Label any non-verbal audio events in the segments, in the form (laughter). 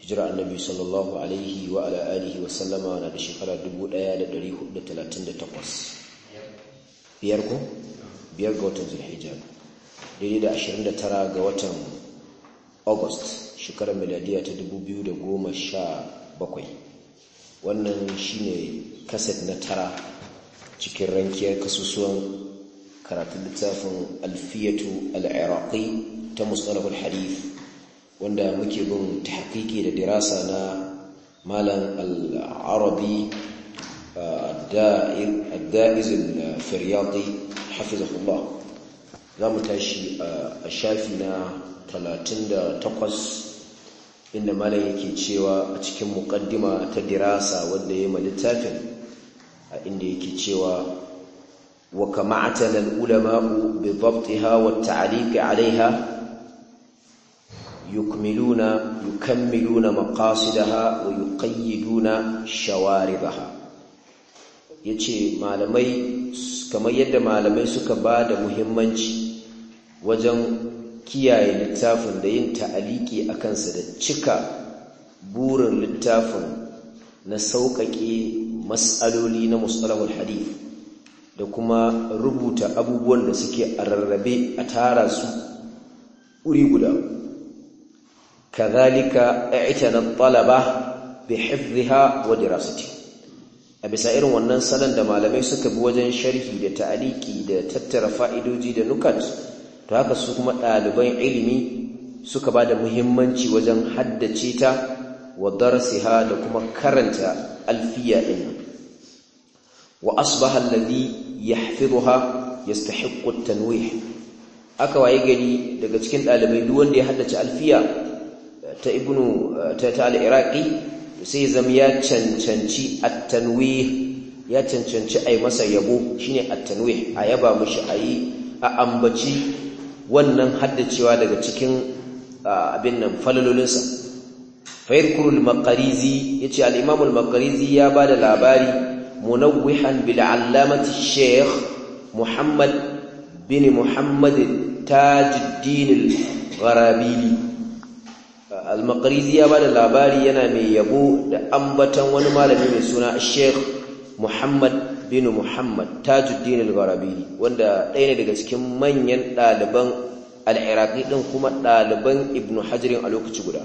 hijira annabi sallallahu alaihi wa ala alihi wa sallama na da shekara 1438 biyar ko biyar ga watan zulhijja daidai da 29 ga watan august shekarar miladiya ta 2017 wannan shine kaset na tara cikin rankiyar kasusuwan karatun littafin alfiyatu al'iraqi ta musalahul harif wanda muke bin tahqiqi da dirasa na malam al-arabi na الفرياطي حفظه الله zamu tashi eh, a shafi na 38 inda malam yake cewa a cikin mukaddima ta dirasa wanda ya ma littafin a inda yake cewa wa kama'atan al-ulama bi dhabtiha wa at-ta'liq 'alayha يكملون يكملون مقاصدها ويقيدون shawaribaha yace malamai kamar yadda malamai suka ba da muhimmanci wajen kiyaye littafin da yin ta'aliki a kansa da cika burin littafin na sauƙaƙe matsaloli na musalahul hadith da kuma rubuta abubuwan da suke a rarrabe a tara su uri guda kazalika na ɗalaba, bi hifdhiha wa dirasati a bisa irin wannan salon da malamai suka bi wajen sharhi da ta'aliki da tattara fa'idoji da nukat to haka su kuma ɗaliban ilimi suka ba da muhimmanci wajen haddace ta wa darasiha da kuma karanta alfiya din. wa asbaha alladhi yahfidhuha yastahiqqu at-tanwih aka waye gari daga cikin ɗalibai duk wanda ya haddace alfiya ta ibnu eh, ta ta al-iraqi sai zam ya cancanci at-tanwih ya cancanci ai masa yabo shine at-tanwih a yaba mushi ayi a ambaci wannan haddacewa daga cikin eh, abin nan falalolinsa fa al-maqarizi yace al-imam al-maqarizi ya bada labari munawwihan bil allamati shaykh muhammad bin muhammad tajuddin al-gharabili almakarizi maqrizi ya bada labari yana mai yabo da ambatan wani malami mai suna Sheikh Muhammad bin Muhammad Tajuddin al-Gharabi wanda ɗaya ne daga cikin manyan ɗaliban al-Iraqi din kuma ɗaliban Ibn Hajar a lokaci guda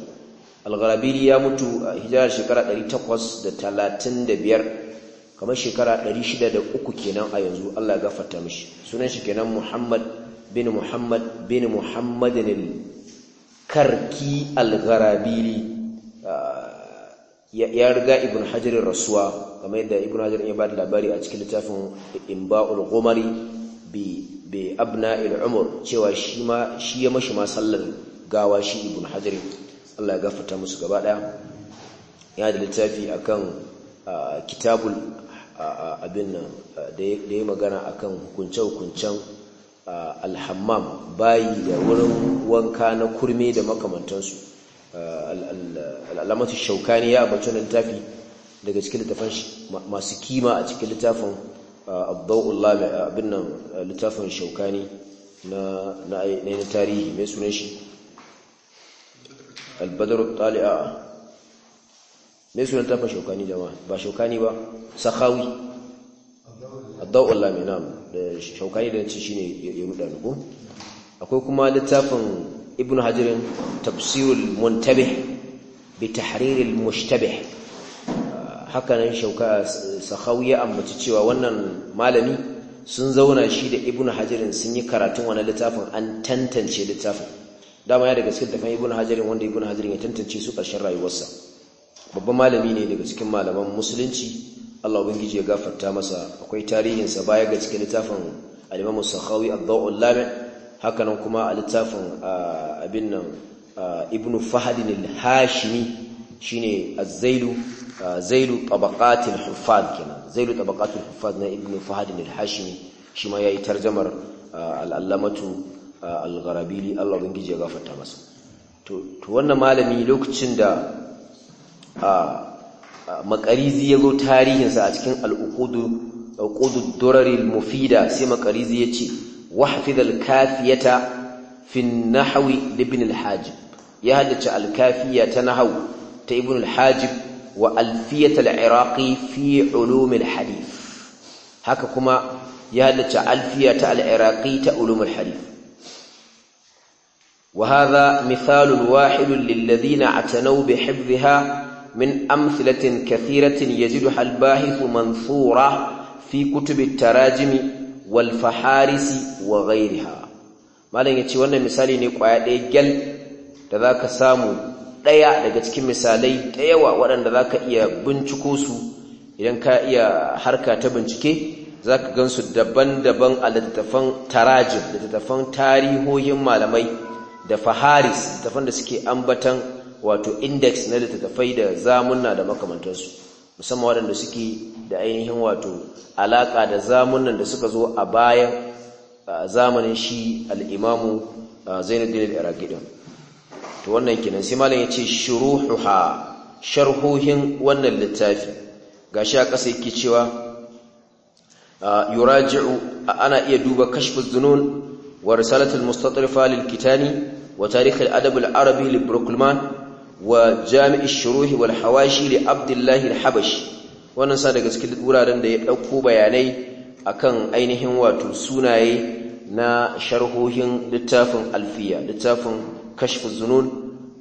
al-Gharabi ya mutu a hijirar shekara 835 kamar shekara 603 kenan a yanzu Allah ya gafarta mishi sunan shi kenan Muhammad bin Muhammad bin Muhammadin karki al-gharabili ya riga ibn hajar rasuwa kamar yadda ibn hajar ya ba da labari a cikin littafin imba'ul gomari bi abna umur cewa shi ma shi ya mashi ma sallar gawa shi ibn hajar Allah ya gafarta musu gaba daya ya da littafi akan kitabul abin da ya magana akan hukunce-hukuncen alhammam bayi da wurin wanka na kurme da makamantansu al'alamatu shaukani ya abaci wani littafi daga cikin littafin masu kima a cikin littafin abdullahi abin nan littafin shaukani na ainihin tarihi mai sunan shi albadaru tali'a mai sunan littafin shaukani jama'a ba shaukani ba sakawi adda'ul laminam da shaukani da yace shine ya ruda nugo akwai kuma littafin ibnu hajar tafsirul muntabih bi tahriril mushtabih haka nan shauka ya ambaci cewa wannan malami sun zauna shi da ibnu hajar sun yi karatun wannan littafin an tantance littafin dama ya daga cikin tafan ibnu hajar wanda ibnu hajar ya tantance su karshen rayuwarsa babban malami ne daga cikin malaman musulunci Allah ubangiji ya gafarta masa akwai tarihinsa baya ga cikin littafin al-Imam Sakhawi ad al Lami hakanan kuma a littafin abin nan Ibn Fahd al-Hashimi shine Az-Zailu Zailu Tabaqat al-Huffaz kenan Zailu Tabaqat al-Huffaz na Ibn Fahd al-Hashimi shi ma yayi tarjumar al-Allamatu al-Gharabili Allah ubangiji ya gafarta masa to wannan malami lokacin da makarizi ya zo tarihinsa a cikin al'ukudu durari mufida sai makarizi ya ce wahfid al-kafiyata fi nahwi ibn al ya haddace al ta nahau ta ibn al wa alfiyat al fi ulum al haka kuma ya haddace alfiya ta al ta ulum al-hadith وهذا مثال واحد للذين اعتنوا بحفظها Min من أمثلة كثيرة يجدها الباحث منثورة في كتب التراجم والفحارس وغيرها malam yace wannan misali ne kwaya ɗaya gyal da za ka samu ɗaya daga cikin misalai da yawa waɗanda ka iya binciko su idan ka iya harka ta bincike zaka gansu daban-daban a littattafan taraji, littattafan tarihohin malamai da faharis littattafan da suke ambatan wato index na littattafai da zamunna da makamantarsu, musamman waɗanda suke da ainihin wato alaƙa da zamunnan da suka zo a bayan zamanin shi al'imamu zainuddin dinar ɗin Ta wannan kinan, sai malam ya ce shuruhuha sharhohin wannan littafi gashi a ƙasa yake cewa yuraji'u ana iya duba kashfin zunun wa risalatul mustatrifa lilkitani kitani wa tarihin al arabi li wa jami'i shuruhi wal hawashi abdullahi al wannan sa daga cikin wuraren da ya dauko bayanai akan ainihin wato sunaye na sharhohin littafin alfiya littafin kashf zunun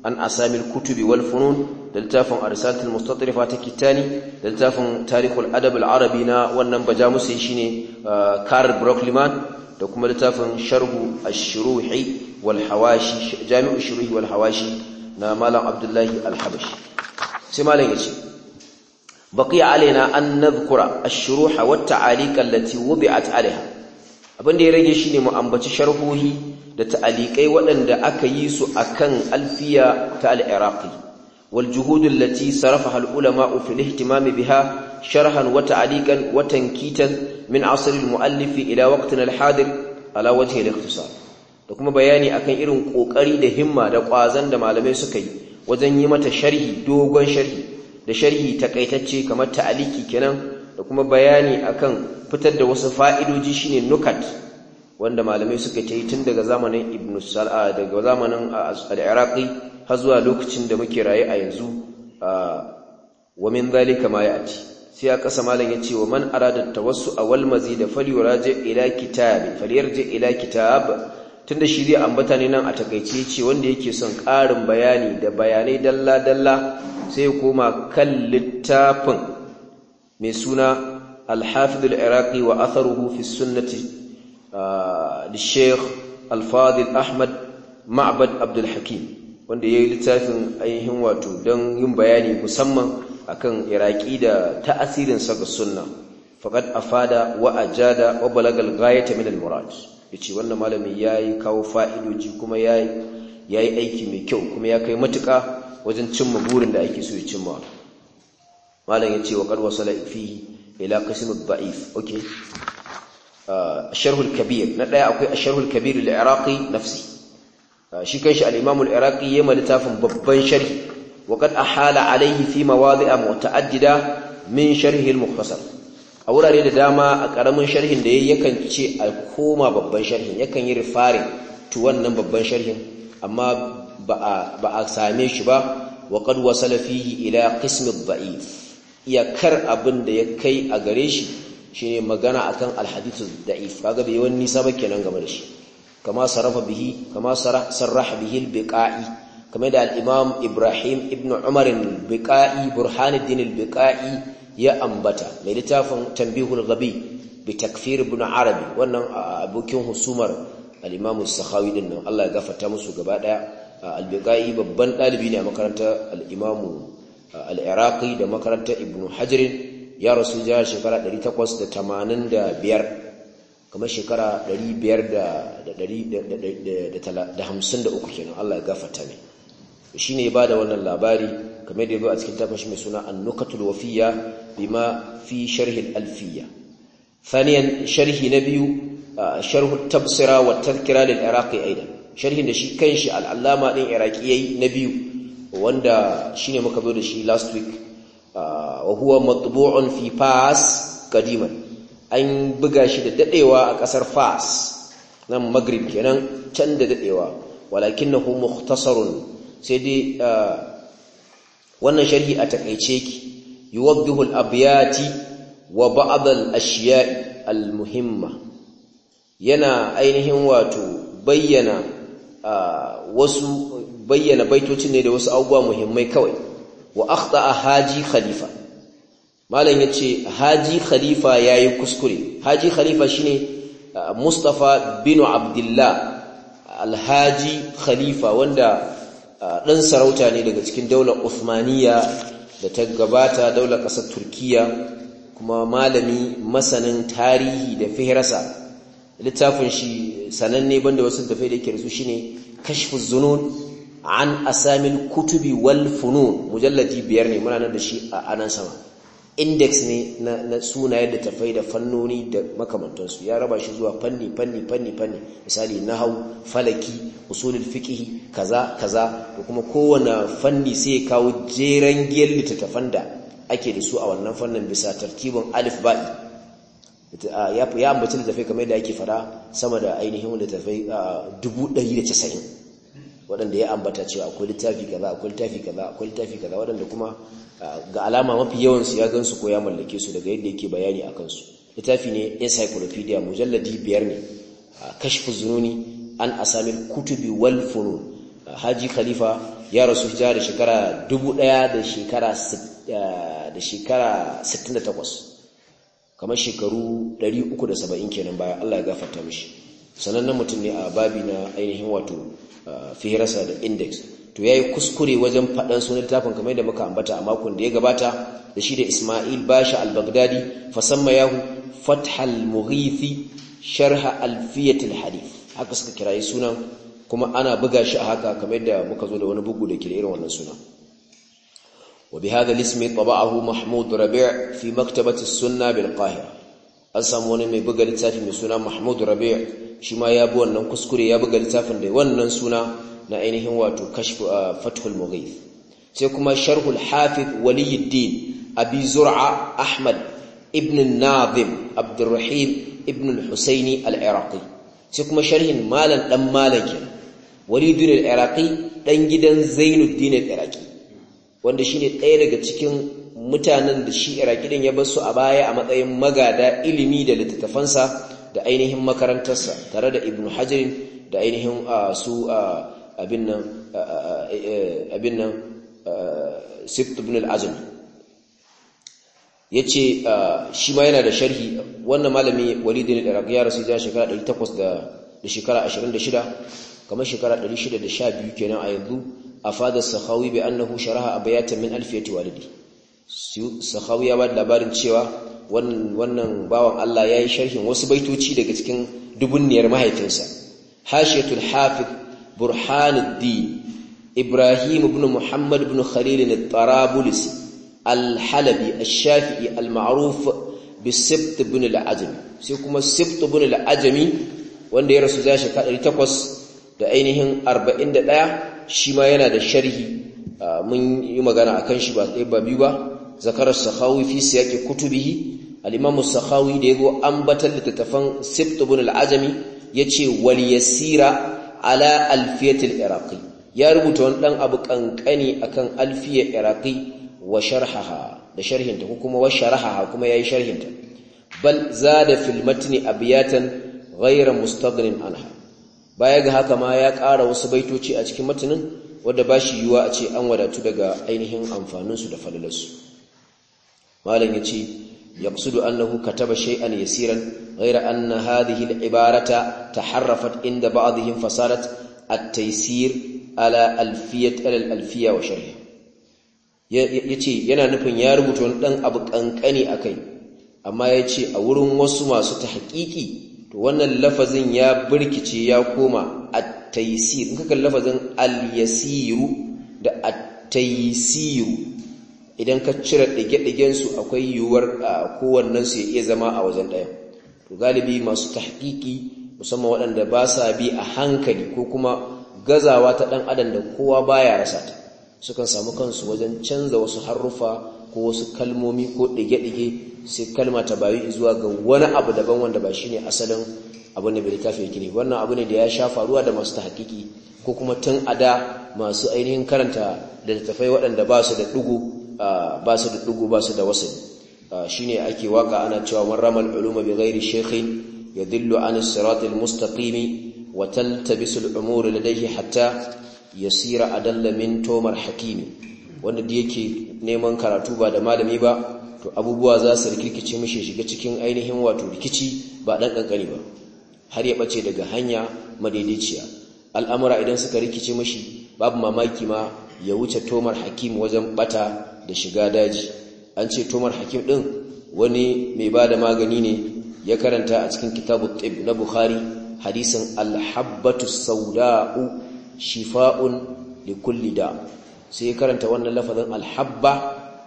an asamil kutubi wal funun da littafin arsatul mustatrifa ta kitani da littafin tarihul adab al-arabi na wannan bajamusi shine uh, karl brockliman da kuma littafin sharhu ash-shuruhi wal hawashi jami'u shuruhi wal hawashi na malam abdullahi alhabashi sai malam ya ce baqiya alaina an nadhkura ash-shuruh wa at-ta'aliq allati wubi'at alaiha abin da ya rage shine mu ambaci sharhohi da ta'alikai waɗanda aka yi su akan alfiya ta al-iraqi wal juhud allati sarafaha al-ulama fi al-ihtimam biha sharhan wa ta'aliqan wa tankitan min asr al-muallif ila waqtina al-hadir ala wajhi al-ikhtisar da kuma bayani akan irin kokari da himma da kwazan da malamai suka yi wajen yi mata sharhi dogon sharhi da sharhi takaitacce kamar ta'aliki kenan da kuma bayani akan fitar da wasu fa'idoji shine nukat wanda malamai suka ta yi tun daga zamanin ibn sal'a daga zamanin al-iraqi har zuwa lokacin da muke raye a yanzu wa min zalika ma ya'ti sai ya kasa malam ya ce wa man arada tawassu awal mazid fali yuraji ila kitab fali yarji ila kitab tunda shi zai ambata ne nan a takaice ce wanda yake son ƙarin bayani da bayanai dalla-dalla sai koma kan littafin mai suna alhafiz al wa atharuhu fi sunnati da ah, sheikh alfadil ahmad ma'bad abdul hakim wanda ya yi littafin ainihin wato don yin bayani musamman akan iraki da ta'asirin saka sunna faqad afada wa ajada wa balagal gayata min al-murad ya ce wannan malamin ya yi kawo fa'idoji kuma ya yi aiki mai kyau kuma ya kai matuƙa wajen cimma burin da ake so ya cimma malam ya ce wa ƙarwa salafi ila kasimu ba'if A sharhul kabir na ɗaya akwai sharhul kabir al'iraqi nafsi ah, shi kanshi al'imamul iraqi ya ma littafin babban sharhi wa a ahala alaihi fi mawadi'a muta'addida min sharhil al a wurare da dama a ƙaramin sharhin da ya yakan ce a koma babban sharhin yakan yi rifarin to wannan babban sharhin amma ba a same shi ba wa qad wasala ila qism ad iyakar abin da ya kai a gare shi shine magana akan al-hadith daif kaga bai wani nisa ba kenan game da shi kama sarrafa bihi kama sarrafa bihi biqai da al'imam Ibrahim ibn Umar al-Biqa'i Burhanuddin al-Biqa'i ya ambata mai littafin tambihul gabi bi takfir ibn arabi wannan abokin husumar al-imam sakhawi din nan Allah ya gafarta musu gaba daya al bukai babban dalibi ne a makarantar al-imam al-iraqi da makarantar ibn hajar ya rasu ja shekara 1885 kamar shekara 553 kenan Allah ya gafarta ne shine ba da wannan labari kamar da yazo a cikin tafin mai suna an-nukatul wafiyya bima fi sharhin alfiya. saniyan sharhi na biyu sharh at-tabsira wa tadhkira lil-iraqi aida sharhin da shi kanshi al ɗin din iraqi na biyu wanda shine muka zo da shi last week wa huwa matbu'un fi fas qadiman an buga shi da daɗewa a kasar fas nan magrib kenan can da dadewa walakinahu mukhtasarun sai dai wannan sharhi a takaice ki yuwaddihu al-abyati wa ba'd al-ashiya'i al-muhimma yana ainihin wato bayyana wasu bayyana baitocin ne da wasu abubuwa muhimmai kawai wa akhta'a haji khalifa malam yace haji khalifa yayi kuskure haji khalifa shine mustafa bin abdullah alhaji khalifa wanda ɗan sarauta ne daga cikin daular Uthmaniyya da ta gabata daular ƙasar Turkiyya kuma malami masanin tarihi da fihirasa littafin shi sananne banda wasu tafai da yake da su shine kashfu zunun an asamin kutubi wal funun mujalladi biyar ne muna nan da shi a anan sama index ne na sunayen da tafai da fannoni da makamantansu ya raba shi zuwa fanni fanni fanni fanni misali nahau falaki usulul fiqhi kaza kaza da kuma kowane fanni sai ya kawo jeren giyar littattafan da ake da su a wannan fannin bisa tartibin alif ba'i ya ambaci tafai kamar yadda ake fara sama da ainihin da da casa'in, waɗanda ya ambata cewa akwai littafi kaza akwai littafi kaza akwai littafi kaza waɗanda kuma ga alama mafi yawan su ya gansu ko ya mallake su daga yadda yake bayani a kansu littafi ne encyclopedia mujalladi biyar ne kashfu zununi an asamil kutubi wal funun haji khalifa ya rasu hijira da shekara 1000 da shekara da shekara 68 kamar shekaru 370 kenan bayan Allah ya gafarta mishi sanannen mutum ne a babi na ainihin wato fihirasa da index to ya yi kuskure wajen faɗan sunan littafin kamar da muka ambata a makon da ya gabata da shi da Isma'il Basha al-Baghdadi fa sammayahu Fathal Mughithi Sharh Alfiyat al-Hadith haka suka kirayi sunan kuma ana buga shi a haka kamar da muka zo da wani bugu da kira irin wannan sunan وبهذا الاسم bil Qahira an samu wani mai buga littafin mai suna Mahmud Rabi' shi ma ya bi wannan kuskure ya buga littafin da wannan suna. na ainihin wato kashfu ah, fathul mughith sai kuma sharhul hafiz waliyuddin abi zur'a ahmad ibn nadim abdurrahim ibn al-husaini al-iraqi sai kuma sharhin malan dan malaki waliyuddin al-iraqi dan gidan zainuddin al-iraqi wanda shine ɗaya daga cikin mutanen da shi iraqi din ya bar su a baya a matsayin magada ilimi da littattafansa da ainihin makarantarsa tare da ibnu hajarin da ainihin ah, su ah, abin nan abin nan sift ibn al-azm yace shi ma yana da sharhi wannan malami walid al-iraqi ya rasu da shekara 800 da shekara 26 kamar shekara 612 kenan a yanzu afada sakhawi bi annahu sharaha abayatan min alfiyati walidi sakhawi ya ba bada labarin cewa wannan bawan Allah yayi sharhin wasu baitoci daga cikin dubunniyar mahaifinsa hashiyatul hafiz burhanuddin ibrahim ibn muhammad ibn khalil al-tarabulsi alhalabi halabi al-shafi'i al-ma'ruf bi sibt ibn al-ajami sai kuma sibt ibn al-ajami wanda ya rasu zai shekara 800 da ainihin ɗaya shi ma yana da sharhi mun yi magana kan shi ba ɗaya ba biyu ba zakarar sakhawi fi siyaqi kutubihi al-imam sakhawi da yago ambatan littafan sibt ibn al-ajami yace wal yasira ala alfiyatul iraqi ya rubuta wani dan abu kankani akan alfiyar iraqi wa sharhaha da sharhinta kuma wa sharhaha kuma yayi sharhinta bal zada fil matni abiyatan ghayra mustaghnin anha baya ga haka ma ya ƙara wasu baitoci a cikin matanin wanda ba shi yiwa a ce an wadatu daga ainihin amfaninsu da falalarsu malam ya ce يقصد أنه كتب شيئا يسيرا غير أن هذه العبارة تحرفت عند بعضهم فصارت التيسير على ألفية على الألفية وشرحها yace yana nufin ya rubuta wani dan abu kankani akai amma yace a wurin wasu masu tahqiqi to wannan lafazin ya birkice ya koma at-taysir kaga lafazin al-yasiru da at-taysiru idan ka cire ɗige-ɗigen su akwai yiwuwar kowannen su iya zama a wajen ɗaya to galibi masu tahqiqi musamman waɗanda ba sa bi a hankali ko kuma gazawa ta ɗan adam da kowa baya rasa ta sukan samu kansu wajen canza wasu haruffa ko wasu kalmomi ko ɗige-ɗige sai kalma ta bayu zuwa ga wani abu daban wanda ba shine asalin abu ne bai tafi yake wannan abu ne da ya sha faruwa da masu tahqiqi ko kuma tun ada masu ainihin karanta da littafai waɗanda ba su da ɗugu ba su da dugu ba su da shi ne ake waka ana cewa man ramal uluma bi ghairi ya dillo an as mustaqimi al-mustaqim wa taltabisu al-umur ladayhi hatta yasira adalla min tomar hakimi. wanda da yake neman karatu ba da malami ba to abubuwa za su rikirkice mishi shiga cikin ainihin wato rikici ba dan kankani ba har ya bace daga hanya madaidaiciya al'amura idan suka rikice mishi babu mamaki ma ya wuce tomar hakimi wajen bata da shiga daji an ce tomar hakim din wani mai ba da magani ne ya karanta a cikin kitabu tib na bukhari hadisin alhabbatu sauda'u shifa'un likulli da sai ya karanta wannan lafazin alhabba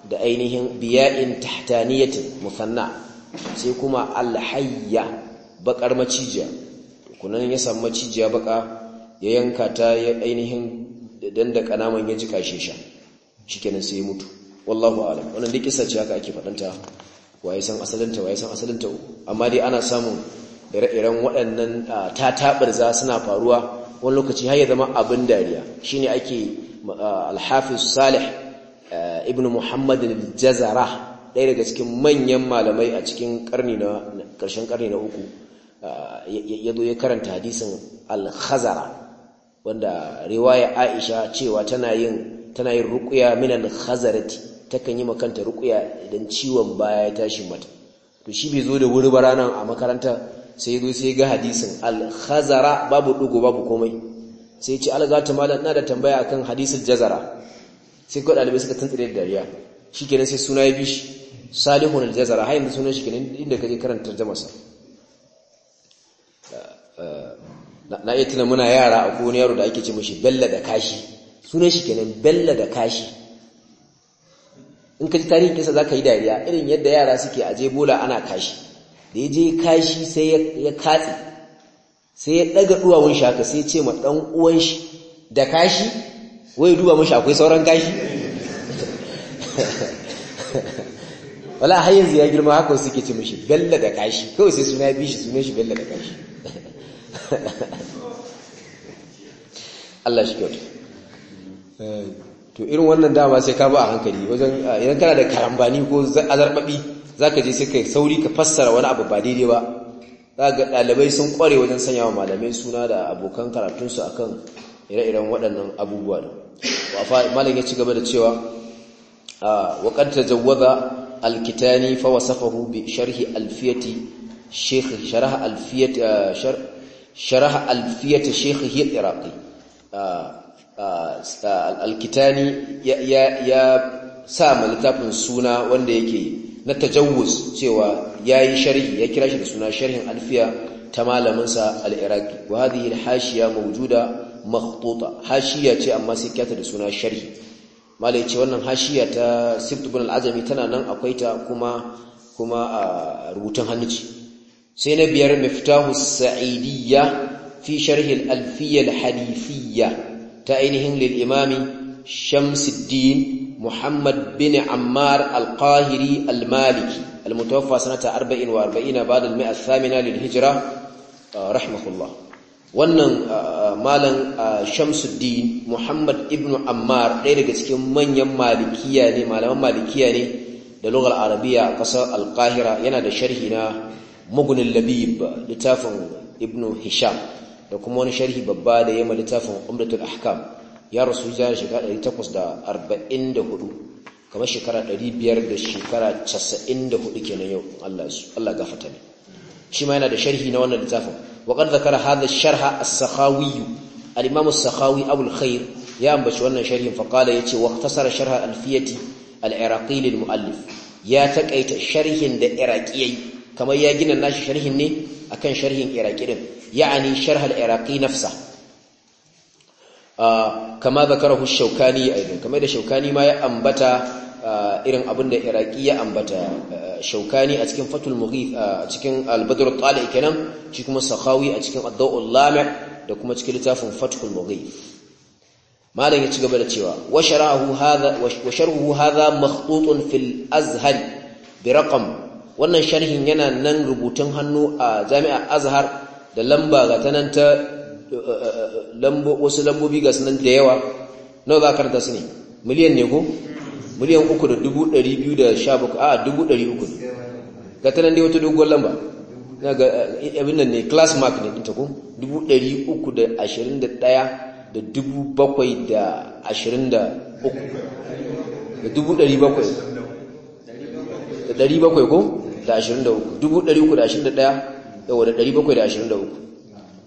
da ainihin biya'in tahtaniyatin musanna sai kuma alhayya bakar macijiya kunan ya samu macijiya baka ya yanka ta ya ainihin dandaka naman ya jika shi sha shikenan sai ya mutu wallahu alam wannan dai kisa ce haka ake fadanta waye san asalinta waye san asalinta amma dai ana samun ire-iren waɗannan tatabarza suna faruwa wani lokaci har ya zama abin dariya shine ake al-hafiz salih ibnu muhammad al-jazara ɗaya daga cikin manyan malamai a cikin karni na karshen karni na uku ya zo ya karanta hadisin al-khazara wanda riwaya aisha cewa tana yin tana yin ruqya min al-khazarati takan yi makanta rukuya idan ciwon baya ya tashi mata to shi bai zo da wuri ba ranar a makaranta sai zo sai ga hadisin al-khazara babu dugo babu komai sai ce algata malam na da tambaya akan hadisul jazara sai ko dalibai suka tantsire da dariya shikenan sai suna ya bi shi salihun al-jazara har yanzu sunan shikenan inda kaje karanta tarjuma sa na iya tuna muna yara akwai wani yaro da ake ce mishi bella da kashi sunan shikenan bella da kashi in ka ji tarihin kisa za ka yi dariya irin yadda yara suke a je bola ana kashi da ya je kashi sai ya katse sai ya ɗaga duwawun shaka haka sai ce ma dan uwan shi da kashi wai duba mashi akwai sauran kashi (laughs) wala har yanzu ya girma haka suke ce mashi galla da kashi kawai sai suna bi shi sunan shi galla da kashi (laughs) Allah shi kyauta eh, to irin wannan dama sai ka ba a hankali wajen idan kana da karambani ko azarbabi zaka je sai ka sauri ka fassara wani abu ba daidai ba za ga ɗalibai sun kware wajen sanya wa malamai suna da abokan karatunsu akan ire-iren waɗannan abubuwa da malam ya ci gaba da cewa wa qad tajawwaza al-kitani fa wasafahu bi sharhi alfiyati sheikh sharh alfiyati alfiyati sheikh iraqi alkitani ya sa ma littafin suna wanda yake na tajawuz cewa yayi sharhi ya kira shi da suna sharhin alfiya ta malaminsa al-iraqi wa hadhihi al-hashiya mawujuda makhtuta hashiya ce amma sai kyata da suna sharhi malai ce wannan hashiya ta sift ibn al-azami tana nan akwai ta kuma kuma a rubutun hannu ce sai na biyar miftahu sa'idiyya fi sharhi alfiyar alfiyya ta ainihin lil imami Shamsuddin Muhammad bin Ammar al-Qahiri al-Maliki al-mutawaffa sanata 44 ba'da al-mi'a ath-thamina lil hijira ah, rahimahullah wannan ah, malam ah, Shamsuddin Muhammad ibn Ammar ɗaya daga cikin manyan malikiya ne malaman malikiya ne da lugar arabiya a ƙasar al-Qahira yana da sharhi na mugunin labib littafin ibn Hisham da kuma wani sharhi babba da yamma littafin umdatul ahkam ya rasu ya shekara 844 kamar shekara 500 da shekara 94 kenan yau Allah su Allah gafarta ne shi ma yana da sharhi na wannan littafin wa qad zakara hadha sharha as-sakhawi al-imam as-sakhawi abul khair ya ambaci wannan sharhin fa qala yace wa ikhtasara sharha alfiyati al-iraqi lil muallif ya takaita sharhin da iraqiyai kamar ya gina nashi sharhin ne akan sharhin iraki din ya'ani sharhal iraki nafsa ah, kama zakarahu shaukani aidan kamar da shaukani ma ya ambata ah, irin abin da iraki ya ambata ah, shaukani a cikin fatul mughith a cikin al-badr al-tali kenan shi kuma sakhawi a cikin ad-dawul lami' da kuma cikin littafin fatul mughith malam ya ci gaba da cewa wa sharahu hadha wa sharhu hadha makhtutun fil azhar bi raqam wannan sharhin yana nan rubutun hannu a jami'ar azhar da lamba ga ta nan eh, eh, wasu lambobi ga sunan da yawa nawa za a karanta su ne miliyan ne ko miliyan uku da dubu ɗari biyu da sha bakwai a dubu ɗari uku ga ta dai wata doguwar lamba na ga eh, abin nan ne class mark ne ɗinta ko dubu ɗari uku da ashirin da ɗaya da dubu bakwai da ashirin da uku da dubu ɗari bakwai da ɗari bakwai ko da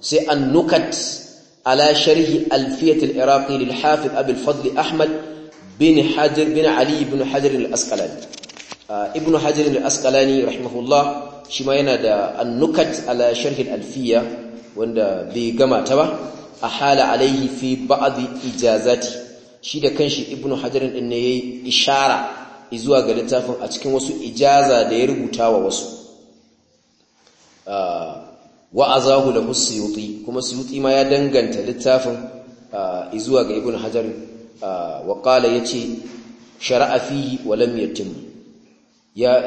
sai an-nukat ala sharhi alfiyat al-iraqi lil hafiz abi al-fadl ahmad bin hajar bin ali ibn hajar al-asqalani ah, ibn hajar al-asqalani rahimahullah shi ma yana da an-nukat ala sharhi alfiya wanda bai gama ta ba a hala alaihi fi ba'd ijazati shi da kanshi ibn hajar din ne yayi ishara izuwa ga littafin a cikin wasu ijaza da ya rubuta wa wasu ah, wa'azahu lahu suyuti kuma suyuti ma ya danganta littafin ah, izuwa ga ibn hajar ah, wa ya yace shar'a fihi wa lam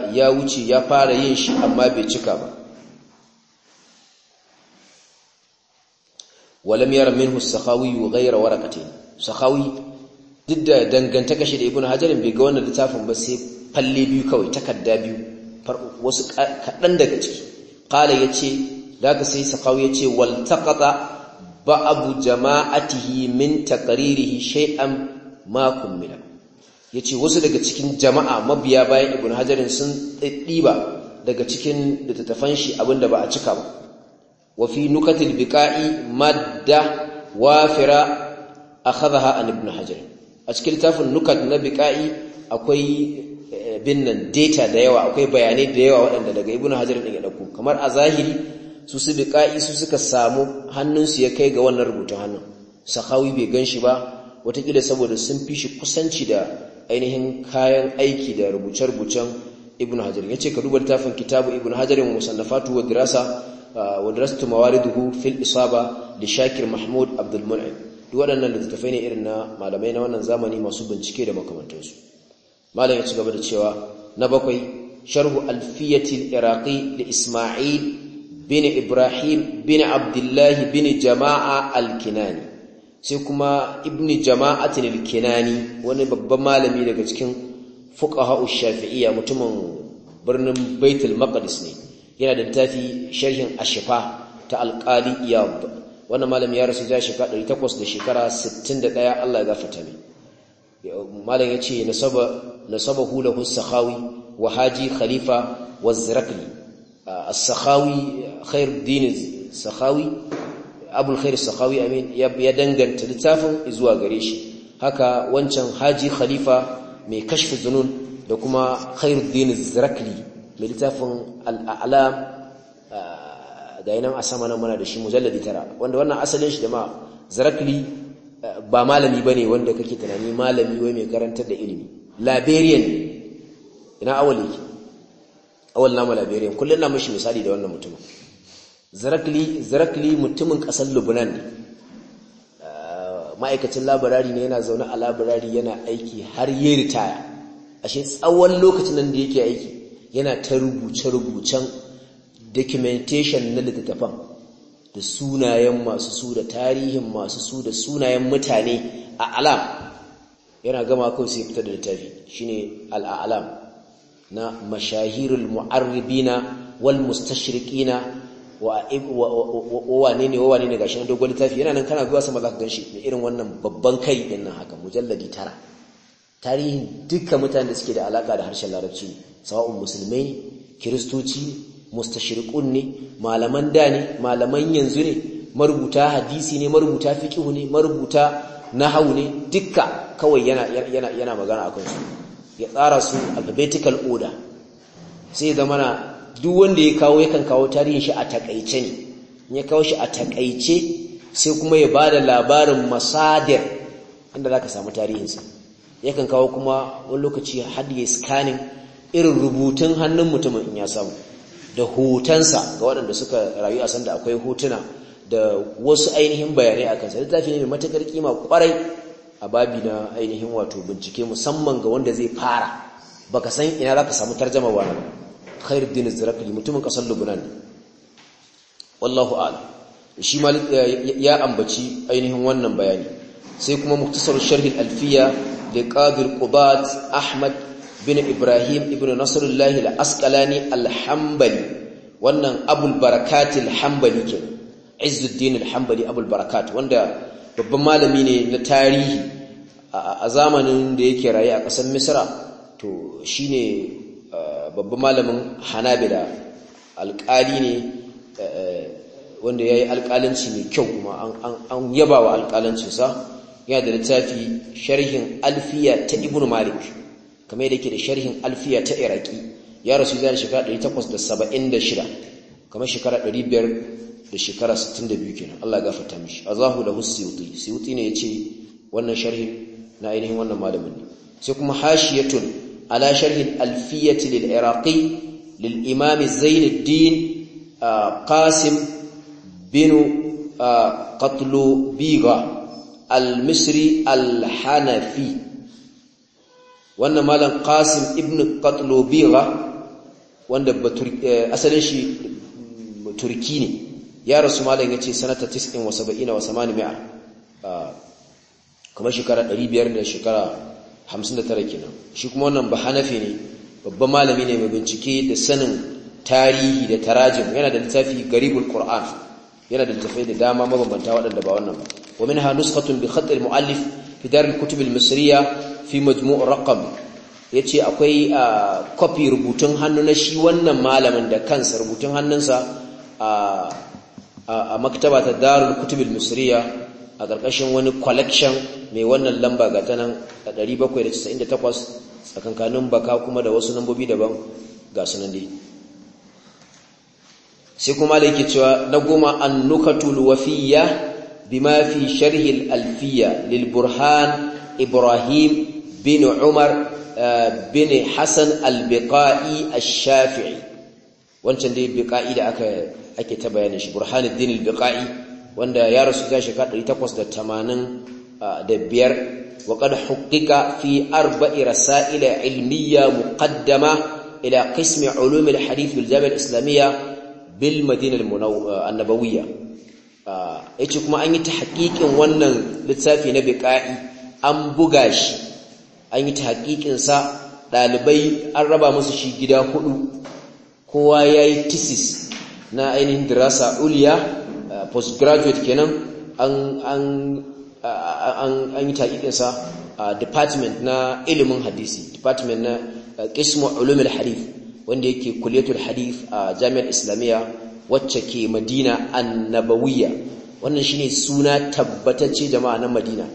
ya wuce ya fara yin shi amma bai cika ba wa lam yara minhu as-sakhawi ghayra duk da dangantaka shi da ibnu hajarin bai ga wannan littafin ba sai falle biyu kawai takarda biyu wasu kaɗan daga ciki ya ce daga sai ce yace wal ba abu jama'atihi min taqririhi shay'an ma kummila ce wasu daga cikin jama'a mabiya bayan ibnu hajarin sun ɗiba daga cikin littattafan shi abinda ba a cika ba wa fi nukatil biqa'i madda wafira akhadha an ibnu hajarin a cikin littafin nukat na biƙa'i akwai eh, binnan data da yawa akwai bayanai da yawa waɗanda daga ibnu hajar in ya dauko kamar a zahiri su su biƙa'i su suka samu hannunsu ya kai ga wannan rubutun hannun sahawi bai gan shi ba watakila saboda sun fi shi kusanci da ainihin kayan aiki da rubuce-rubucen ibn hajar ya ce ka duba littafin kitabu ibn hajarin musannafatu wa dirasa ah, wa da hu fil isaba da shakir mahmud abdul mun'im duk waɗannan littattafai ne irin na malamai na wannan zamani masu bincike da makamantansu malam ya ci gaba da cewa na bakwai sharhu alfiyatil iraqi da isma'il bin ibrahim bin abdullahi bin jama'a alkinani sai kuma ibn jama'atin alkinani wani babban malami daga cikin fuqaha shafi'iyya mutumin birnin baitul maqdis ne yana da littafi sharhin ashifa ta alqali iyad wannan malami ya rasu ya shekara 800 da shekara 61 Allah ya gafarta mai malam ya ce nasaba hulahu sakhawi wa haji khalifa wa zirakli as-sakhawi khairuddin sakhawi abul khair sakhawi amin ya danganta littafin zuwa gare shi haka wancan haji khalifa mai kashfi zunun da kuma khairuddin zirakli mai littafin al'alam ga yanan a sama nan muna da shi mujalladi tara wanda wannan asalin shi da ma zarakli eh, ba malami ba ne wanda kake tunani malami wai mai karantar da ilimi liberian ina awal yake awal namu liberian Kullum na mashi misali da wannan mutumin zarakli mutumin kasar lubunan ne eh, ma'aikacin labarari ne yana zaune a labarari yana aiki har yi ritaya ashe tsawon lokacin nan da yake aiki yana ta rubuce-rubucen documentation na littattafan da sunayen masu su da tarihin masu su da sunayen mutane a alam yana gama kawai sai fitar da littafi shine al'alam na mashahirul mu'arribina wal mustashriqina wa wane ne wane ne gashi na dogon littafi yana nan kana zuwa sama za ka ganshi mai irin wannan babban kai din nan haka mujalladi tara tarihin dukkan mutane da suke da alaka da harshen larabci sawa'un musulmai kiristoci mustashirikun ne malaman da ne malaman yanzu ne marubuta hadisi ne marubuta fiqh ne marubuta nahwu ne dukka kawai yana yana yana magana akan su ya tsara su alphabetical order sai zama na duk wanda ya kawo yakan kawo tarihin shi a takaice ne ya kawo shi a takaice sai kuma ya ba da labarin masadir inda zaka samu tarihin su yakan kawo kuma wani lokaci har ya scanning irin rubutun hannun mutumin in ya samu da hutansa ga waɗanda suka rayu a sanda akwai hutuna da wasu ainihin bayanai a kansa littafi ne mai matakar kima kwarai a babi na ainihin wato bincike musamman ga wanda zai fara baka san ina za ka samu tarjama ba nan din zirakli mutumin kasar lubunan ne wallahu ala shi ma ya ambaci ainihin wannan bayani sai kuma muktasar Sharhin alfiya da qadir qubat ahmad bin Ibrahim ibn nasrullahi al-Asqalani al-Hanbali wannan Abul Barakat al ke Izzuddin al Abul Barakat wanda babban malami ne na tarihi a zamanin da yake rayu a ƙasar Misra to shine babban malamin Hanabila alƙali ne wanda yayi alƙalanci mai kyau kuma an yaba wa sa. yana da littafi sharhin alfiya ta Ibn Malik kamar yadda yake da sharhin alfiya ta iraki ya rasu zai shekara 876 kamar shekara 500 da shekara 62 kenan Allah ya gafarta mishi azahu lahu siyuti siyuti ne yace wannan sharhin na ainihin wannan malamin ne sai kuma hashiyatun ala sharhin alfiyati lil iraqi lil imam zainuddin qasim bin qatlubiga al misri al hanafi wannan malam qasim ibn qatlubiga wanda eh, asalin shi mm, turki ne ya rasu malam yace sanata 79 wa 800 ah, kuma shekara 500 da shekara 59 kenan shi kuma wannan ba hanafi ne babban malami ne mai bincike da sanin tarihi da tarajim yana da littafi garibul qur'an yana da littafai da dama mabambanta waɗanda ba wannan ba wa minha nusqatun bi khat muallif fi al kutub al-misriya fi majmu' raqam yace akwai copy rubutun hannu na shi wannan malamin da kansa rubutun hannunsa a a maktaba ta al kutub al-misriya a karkashin wani collection mai wannan lamba ga tanan 798 tsakankanin baka kuma da wasu lambobi daban ga sunan dai sai kuma da cewa na goma an nukatul wafiyya بما في alfiyya الألفية للبرهان إبراهيم بن عمر بن حسن البقائي الشافعي wancan dai biqa'i da ake ta bayanin shi burhanuddin al-biqa'i wanda ya rasu ta shekara biyar wa qad huqiqa fi arba'i rasail ilmiya muqaddama ila qismi ulum al-hadith bil islamiyya bil madina an ya ce kuma an yi ta haƙiƙin wannan littafi na biƙa'i an buga shi an yi ta haƙiƙinsa ɗalibai an raba musu shi gida hudu kowa ya yi tisis na ainihin dirasa uliya postgraduate kenan an yi haƙiƙinsa a department na ilimin hadisi department na ƙismu ulumin harif wanda yake kuletul harif a jami'ar islamiyya wacce ke madina annabawiyya wannan shine suna tabbatacce jama'a na madina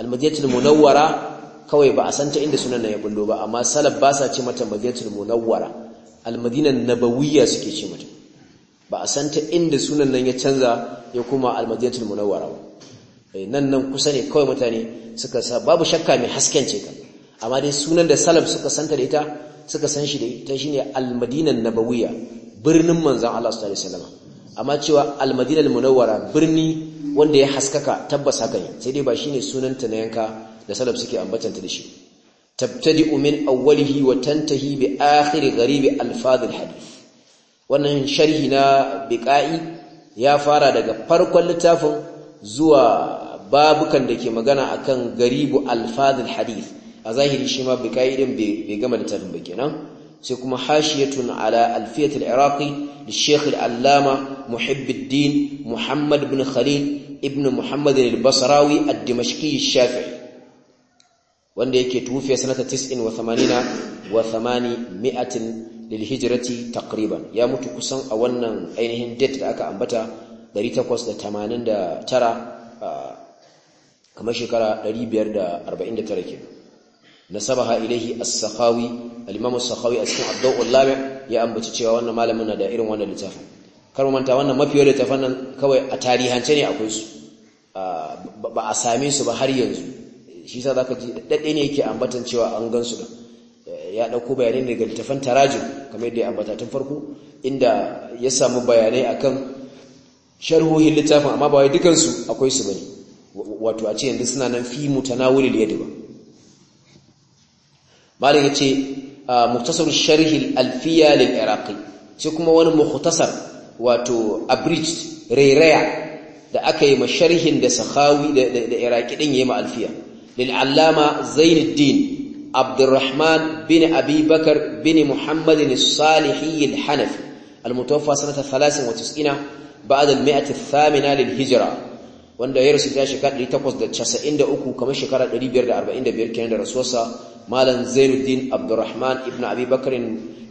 almadinatul munawwara kawai ba a santa inda sunan nan ya bullo ba amma salaf ba sa ce mata madinatul munawwara almadinan nabawiya suke ce mata ba a santa inda sunan nan ya canza ya kuma almadinatul munawwara ba eh, nan nan kusa ne kawai mutane suka sa babu shakka mai hasken ce kan amma dai sunan da salaf suka santa da ita suka san shi da ita shine almadinan nabawiya birnin manzan Allah sallallahu alaihi wasallam amma cewa al-Madina munawwara birni wanda ya haskaka tabbas haka ne sai dai ba shine sunanta na yanka da salaf suke ambatanta da shi tabtadi'u min awwalihi wa tantahi bi akhir gharib al-fadh hadith wannan sharhi na biqa'i ya fara daga farkon littafin zuwa babukan da ke magana akan garibu al-fadh hadith a zahiri shi ma biqa'i din bai gama littafin ba kenan sai kuma hashiyatun ala alfiyat al-iraqi da sheikh al-allama muhibbuddin muhammad bin khalil ibn muhammad al-basrawi ad-dimashqi shafi'i wanda yake tufiya sanata 89 wa 800 lil hijrati taqriban ya mutu kusan a wannan ainihin date da aka ambata 889 kamar shekara 549 kenan nasabaha ilaihi as-sakhawi al-imam as-sakhawi a cikin abdul lami ya ambaci cewa wannan malamin na da irin wannan littafin kar manta wannan mafiyar littafin nan kawai a tarihance ne akwai su ba a same su ba har yanzu shi yasa zaka ji dade ne yake ambatan cewa an gansu da ya dauko bayanai daga littafin tarajim kamar yadda ya ambata tun farko inda ya samu bayanai akan sharhohin littafin amma ba wai dukansu akwai su bane wato a ce yanzu suna nan fi mutanawulil yadi ba malam yace ah, muktasar sharhi al-alfiya lil iraqi sai kuma wani muktasar wato abridged rairaya da aka yi masharhin da sahawi da iraqi din yayi ma alfiya lil allama zainuddin abdurrahman bin abi bakar bin muhammadin as-salihi al-hanafi المتوفى سنة 93 بعد thamina الثامنة للهجرة wanda ya rasu ta shekara 893 kamar shekara 545 kenan da rasuwarsa malam zainuddin abdurrahman ibn abubakar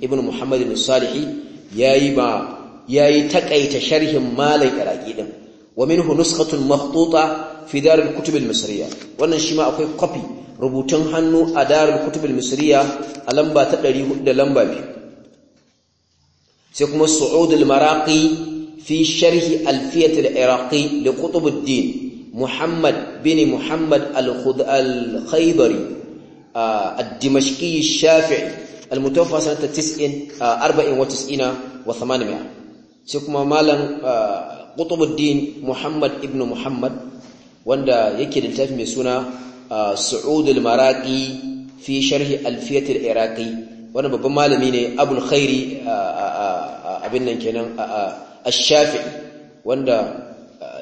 ibn muhammad salihi yayi ba yayi takaita sharhin malam iraki din wa minhu nuskhatun makhtuta fi dar al-kutub al-misriya wannan shi ma akwai copy rubutun hannu a dar al-kutub al-misriya a lamba ta 400 da lamba 2 sai kuma su'ud al-maraqi في شرح ألفية العراقي muhammad الدين muhammad بن محمد الخيبري a الشافعي المتوفى سنه 94 شكما مالن قطب الدين محمد ابن Muhammad wanda yake da littafi mai suna Su'ud al fi sharhi al-Fiyat al-Iraqi wanda babban malami ne Abul Khairi abin nan kenan Ash-Shafi'i wanda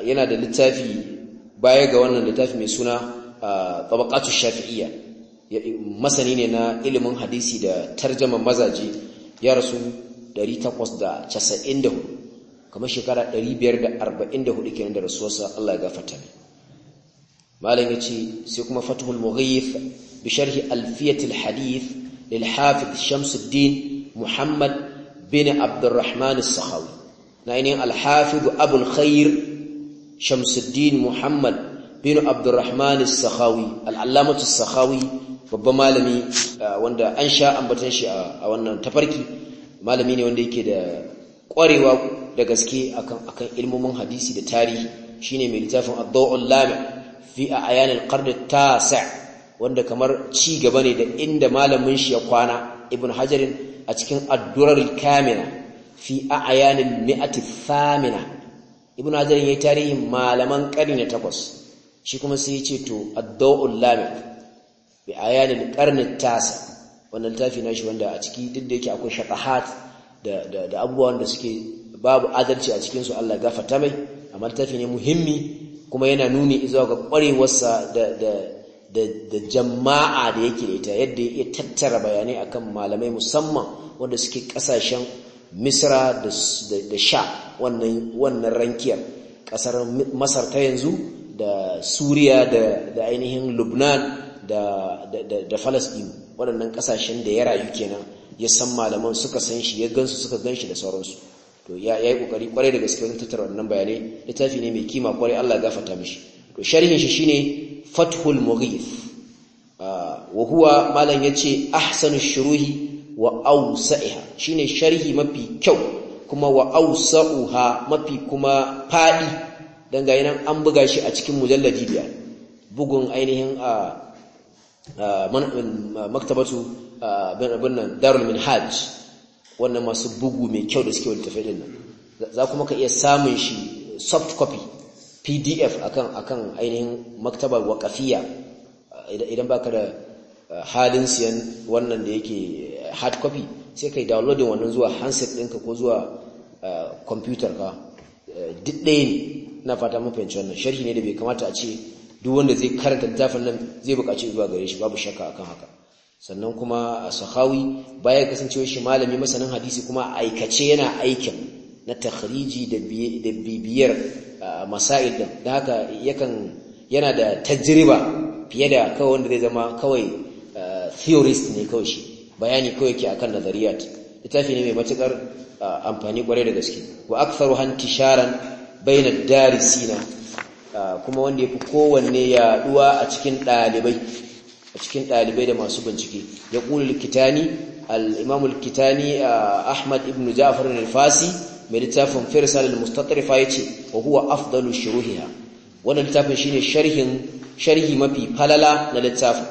yana da littafi baya ga wannan littafi mai suna Tabaqatu Shafi'iyyah masani ne na ilimin hadisi da tarjama mazaje ya rasu 894 kamar shekara 544 kenan da rasuwarsa Allah ya gafarta ne malam ce sai kuma fathul mughith bi sharhi alfiyat alhadith lil hafiz shamsuddin muhammad bin abdurrahman as-sakhawi na ainihin alhafiz abul khair shamsuddin muhammad bin abdurrahman as-sakhawi al-allamatu as-sakhawi babban malami ah, wanda an sha ambatan shi a wannan tafarki malami ne wanda yake da kwarewa da gaske akan akan ilmomin hadisi da tarihi shine mai littafin ad-daw'ul lami fi a'yan al-qarn at-tasi' wanda kamar ci gaba ne da inda malamin shi ya kwana ibn hajarin a cikin ad-durar kamila fi a'yan al-mi'ati thamina ibn hajarin yayi tarihin malaman karni na takwas shi kuma sai ya ce to addu'ul lamik bi ayalil qarni tasa wannan tafi nashi wanda a ciki duk da yake akwai shatahat da da da abubuwan da suke babu adalci a cikin su Allah gafarta mai amma tafi ne muhimmi kuma yana nuni zuwa ga kwarewarsa da da da da jama'a da yake da ita yadda ya tattara bayanai akan malamai musamman wanda suke kasashen Misra da da Sha wannan wannan rankiyar kasar Masar ta yanzu da suriya da ainihin lubnan da Falasɗin, waɗannan ƙasashen da ya rayu kenan ya san malaman suka san shi ya gansu suka gan shi da sauransu to ya yi ƙoƙari ƙwarai da gaske tattara wannan bayanai littafi ne mai kima ƙwarai Allah ya gafarta mishi to sharhin shi shine fathul mughith ah, wa huwa malam yace ahsanu shuruhi wa awsa'iha shine sharhi mafi kyau kuma wa awsa'uha mafi kuma fadi don ga nan an buga shi a cikin mujalladi biya bugun ainihin a maktabatu abin nan darul hajj wannan masu bugu mai kyau da suke littafai din nan za kuma ka iya samun shi soft copy pdf akan akan ainihin maktabar waƙafiya idan baka da halin siyan wannan da yake hard copy sai yi downloadin wannan zuwa handset ɗinka ko zuwa computer ka duk ɗaya ne na fata mun fahimci wannan sharhi ne da bai kamata a ce duk wanda zai karanta littafin nan zai buƙaci zuwa gare shi babu shakka akan haka sannan kuma a sahawi baya kasancewa shi malami masanin hadisi kuma aikace yana aikin na takhriji da bibiyar masail din da haka yakan yana da tajriba fiye da kawai wanda zai zama kawai theorist ne kawai shi bayani kawai ke akan nazariyat littafi ne mai matukar amfani kwarai da gaske wa aktharu hantisharan bainar darisina ah, kuma wanda ya fi kowanne yaduwa a cikin ɗalibai a cikin ɗalibai da masu bincike ya ƙuli kitani al'imamul kitani ah, ahmad ibn Jafar al-fasi mai littafin firsal al-mustatrifa ya ce wa huwa afdalu shuruhiha wannan littafin shine sharhin sharhi mafi falala na littafin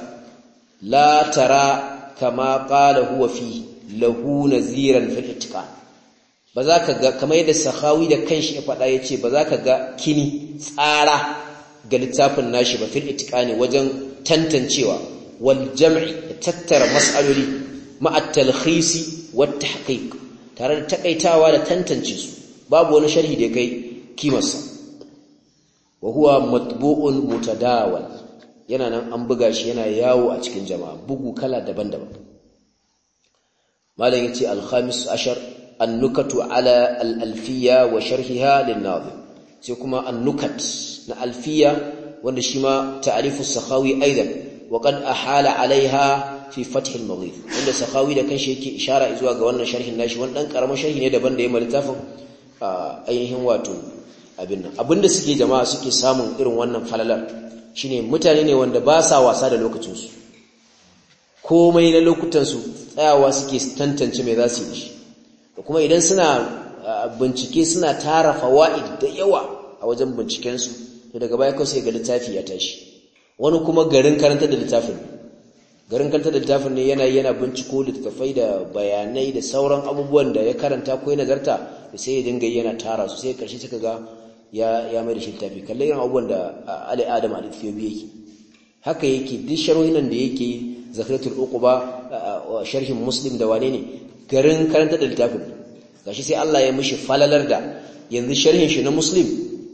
la tara kama qala huwa fi lahu naziran fil ba za ka ga kamar yadda sahawi da kanshi ya faɗa ya ce ba za ka ga kini tsara ga littafin nashi ba fil itikani wajen tantancewa wal jam'i tattara mas'aloli ma'a talhisi wa tahqiq tare da takaitawa da tantance su babu wani sharhi da kai kimarsa wa huwa matbu'un mutadawal yana nan an buga shi yana yawo a cikin jama'a bugu kala daban-daban malam yace al-khamis ashar annukatu ala al-alfiya wa sharhiha lin-nadhim sai kuma annukat na alfiya wanda shi ma ta'rifu sakhawi aidan wa qad ahala alaiha fi fath al-mughith wanda sakhawi da kanshi yake ishara zuwa ga wannan sharhin nashi wannan dan karamin sharhi ne daban da ya malitafin ainihin wato abin nan abinda suke jama'a suke samun irin wannan falalar shine mutane ne wanda ba sa wasa da lokacinsu komai na lokutansu tsayawa suke tantance mai za su yi da kuma idan suna bincike suna tara fawaid da yawa a wajen bincikensu to daga baya kawai sai ga littafi ya tashi wani kuma garin karanta da littafin garin karanta da littafin ne yana yana binciko littafai da bayanai da sauran abubuwan da ya karanta ko ya nazarta sai ya dinga yana tara su sai karshe suka ga ya ya mai da shi littafi kalle irin abubuwan da Ali Adam al-Ethiopi yake haka yake duk nan da yake zakaratul uquba sharhin muslim da wane ne garin karanta da littafin gashi sai Allah ya mishi falalar da yanzu sharhin shi na muslim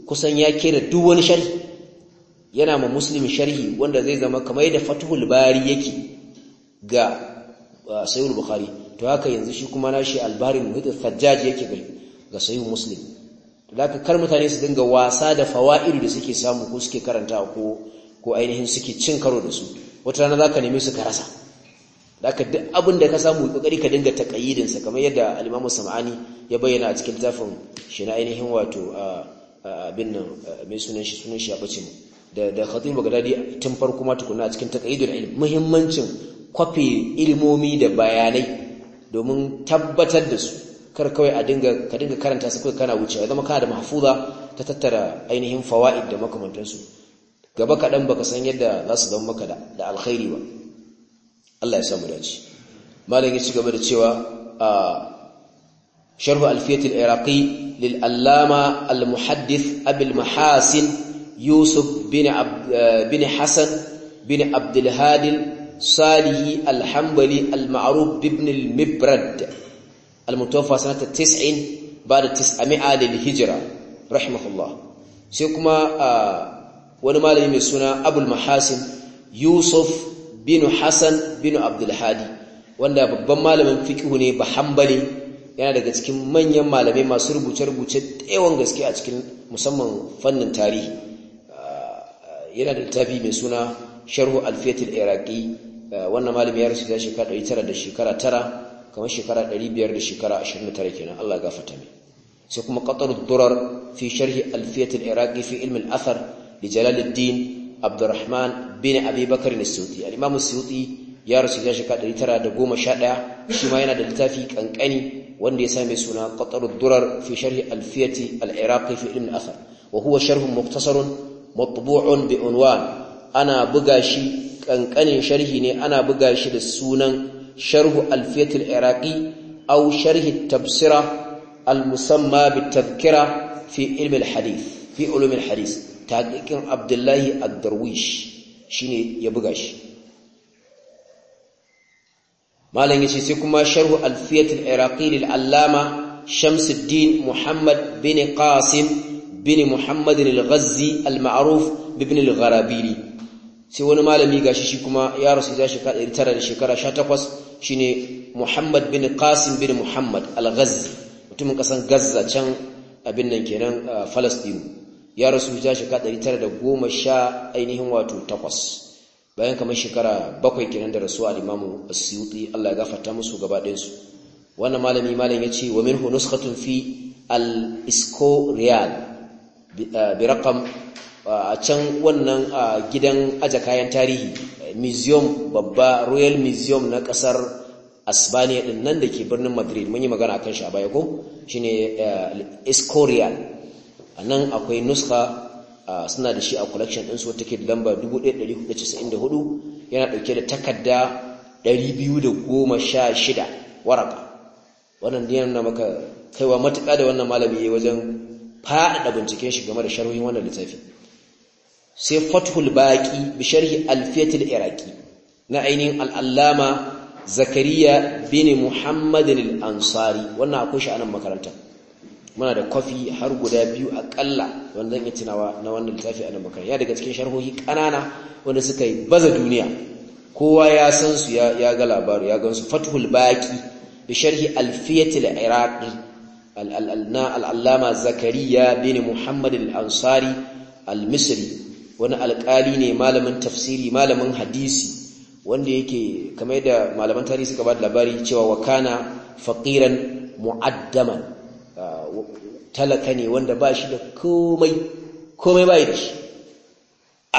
kusan ya kera duk wani sharhi yana ma muslim sharhi wanda zai zama kamar yadda fatuhul bari yake ga uh, sayyid bukhari to haka yanzu shi kuma nashi albari muhit fajjaj yake ga sayyid muslim to haka kar mutane su dinga wasa da fawaidu da suke samu ko suke karanta ko ko ainihin suke cin karo da su wata rana zaka nemi su ka rasa haka duk abin da ka samu kokari ka dinga taqayyidin sa kamar yadda al-Imam Sam'ani ya bayyana a cikin tafin shi na ainihin wato abin nan mai sunan shi sunan shi ya bace mu da da Khatib Baghdadi tun farko ma tukunna a cikin taqayyidul ilm muhimmancin kwafe ilmomi da bayanai domin tabbatar da su kar kawai a dinga ka dinga karanta su kawai kana wucewa zama kana da mahfuza ta tattara ainihin fawaid da makamantansu gaba kaɗan baka san yadda za su zama maka da alkhairi ba Allah ya samu dace malam ya ci gaba da cewa a sharh alfiyat al-iraqi lil allama al-muhaddith abul mahasin yusuf bin bin hasan bin abdul hadi صالح الحنبلي المعروف بابن المبرد المتوفى سنة 90 بعد 900 للهجرة رحمه الله سيكما wani malami mai suna abul mahasin yusuf bin Hassan bin Abdul Hadi wanda babban malamin fiqh ne ba hanbali yana daga cikin manyan malamai masu rubuce-rubuce yawan gaske a cikin musamman fannin tarihi ah, yana da littafi mai suna Sharhu Alfiyatul Iraqi ah, wannan malami ya rasu ta shekara 900 da shekara tara kamar shekara 500 da shekara 29 kenan Allah gafarta mai sai kuma qatarud durar fi sharhi alfiyat al-iraqi fi ilm al-athar li jalal din abdurrahman bin abi bakar al-suyuti al-imam suyuti ya rasu ya shika 911 shi ma yana da littafi kankani wanda ya same suna qatarud durar fi sharh alfiyati al-iraqi fi ilm al wa huwa sharh mukhtasar matbu'un bi unwan ana buga shi kankanin sharhi ne ana buga shi da sunan sharh alfiyati al-iraqi aw sharh at-tabsira al-musamma bit-tadhkira fi ilm al-hadith fi ulum al-hadith taqiqin abdullahi ad shi ne ya buga shi malam yace sai kuma sharhu alfiyat al-iraqi lil allama shamsuddin muhammad bin qasim bin muhammad al-ghazzi al-ma'ruf ibn al-gharabili sai wani malami gashi shi kuma ya rasu da shekara 19 da shekara 18 shine muhammad bin qasim bin muhammad al-ghazzi mutumin kasan gazza can abin nan kenan Falasɗinu. ya rasu ta shekara ɗari tara da goma sha ainihin wato takwas bayan kamar shekara bakwai kenan da rasuwa al-imamu as-suyuti Allah ya gafarta musu gaba ɗayan su wannan malami malam ya ce wa minhu nuskhatun fi al Real bi raqam a can wannan gidan aje kayan tarihi museum babba royal museum na kasar asbaniya din nan da ke birnin madrid mun yi magana kan shi a baya ko shine al a nan akwai nuska suna da shi a collection ɗinsu wata ke da lamba 1494 yana ɗauke da takarda 216 waraka wannan yana na maka kaiwa matuƙa da wannan malami ya wajen faɗaɗa binciken shi game da sharhohin wannan littafi sai fathul baƙi bi sharhi alfiyatul iraki na ainihin al'allama zakariya bin muhammadin al'ansari wannan akwai shi a nan makarantar muna da kwafi har guda biyu akalla wanda zan yi tunawa na wannan littafi a nan ya daga cikin sharhohi ƙanana wanda suka yi baza duniya kowa ya san su ya ga labaru ya gansu fathul baki bi sharhi alfiyatil iraqi al-allama al-allama zakariya bin muhammad al-ansari al-misri wani alƙali ne malamin tafsiri malamin hadisi wanda yake kamar da malaman tarihi suka ba da labari cewa wakana faƙiran mu'addaman talaka ne wanda ba shi da komai komai ba da shi